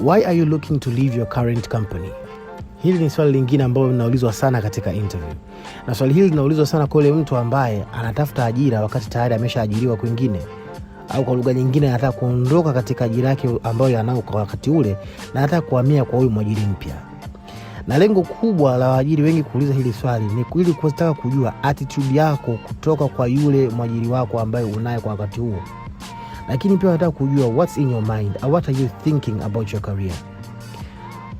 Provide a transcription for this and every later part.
Why are you looking to leave your current company? Hili ni swali lingine ambalo linaulizwa sana katika interview, na swali hili linaulizwa sana kwa yule mtu ambaye anatafuta ajira wakati tayari ameshaajiriwa kwingine, au kwa lugha nyingine, anataka kuondoka katika ajira yake ambayo anao kwa wakati ule na anataka kuhamia kwa huyu mwajiri mpya. Na lengo kubwa la waajiri wengi kuuliza hili swali ni ili kutaka kujua attitude yako kutoka kwa yule mwajiri wako ambaye unaye kwa wakati huo lakini pia wanataka kujua what's in your mind or what are you thinking about your career.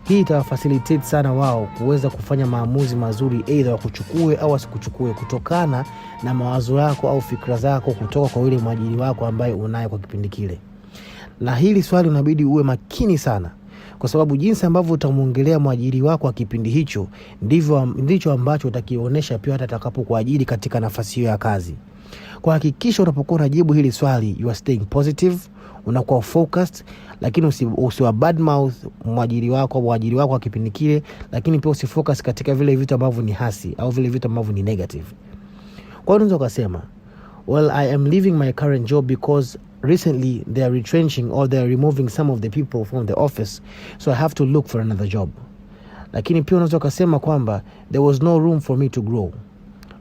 Hii itawafasilitate sana wao kuweza kufanya maamuzi mazuri, eidha wakuchukue au wasikuchukue, kutokana na mawazo yako au fikra zako kutoka kwa ule mwajiri wako ambaye unaye kwa kipindi kile. Na hili swali unabidi uwe makini sana, kwa sababu jinsi ambavyo utamwongelea mwajiri wako wa kipindi hicho ndivyo ndicho ambacho utakionyesha pia hata atakapokuajiri katika nafasi hiyo ya kazi. Kwa hakikisha unapokuwa unajibu hili swali, you are staying positive, unakuwa focused, lakini usiwa bad mouth mwajiri wako au mwajiri wako wa kipindi kile, lakini pia usifocus katika vile vitu ambavyo ni hasi au vile vitu ambavyo ni negative. Kwa hiyo unaweza ukasema well I am leaving my current job because recently they are retrenching or they are removing some of the people from the office so I have to look for another job. Lakini pia unaweza ukasema kwamba there was no room for me to grow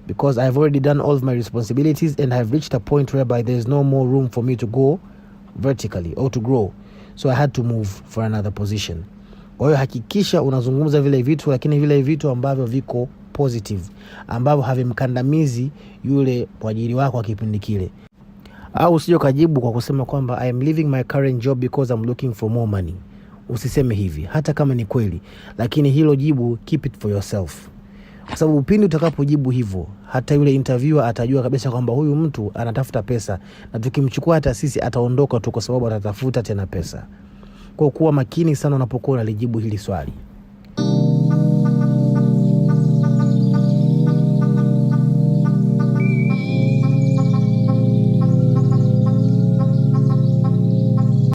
because I've already done all of my responsibilities and I've reached a point whereby there's no more room for me to go vertically or to grow, so I had to move for another position. Kwa hiyo hakikisha unazungumza vile vitu, lakini vile vitu ambavyo viko positive, ambavyo havimkandamizi yule mwajiri wako wa kipindi kile, au usije ukajibu kwa kusema kwamba I am leaving my current job because I'm looking for more money. Usiseme hivi hata kama ni kweli, lakini hilo jibu keep it for yourself kwa sababu pindi utakapojibu hivyo, hata yule interviewer atajua kabisa kwamba huyu mtu anatafuta pesa, na tukimchukua hata sisi ataondoka tu, kwa sababu atatafuta tena pesa. Kwa kuwa makini sana unapokuwa unalijibu hili swali.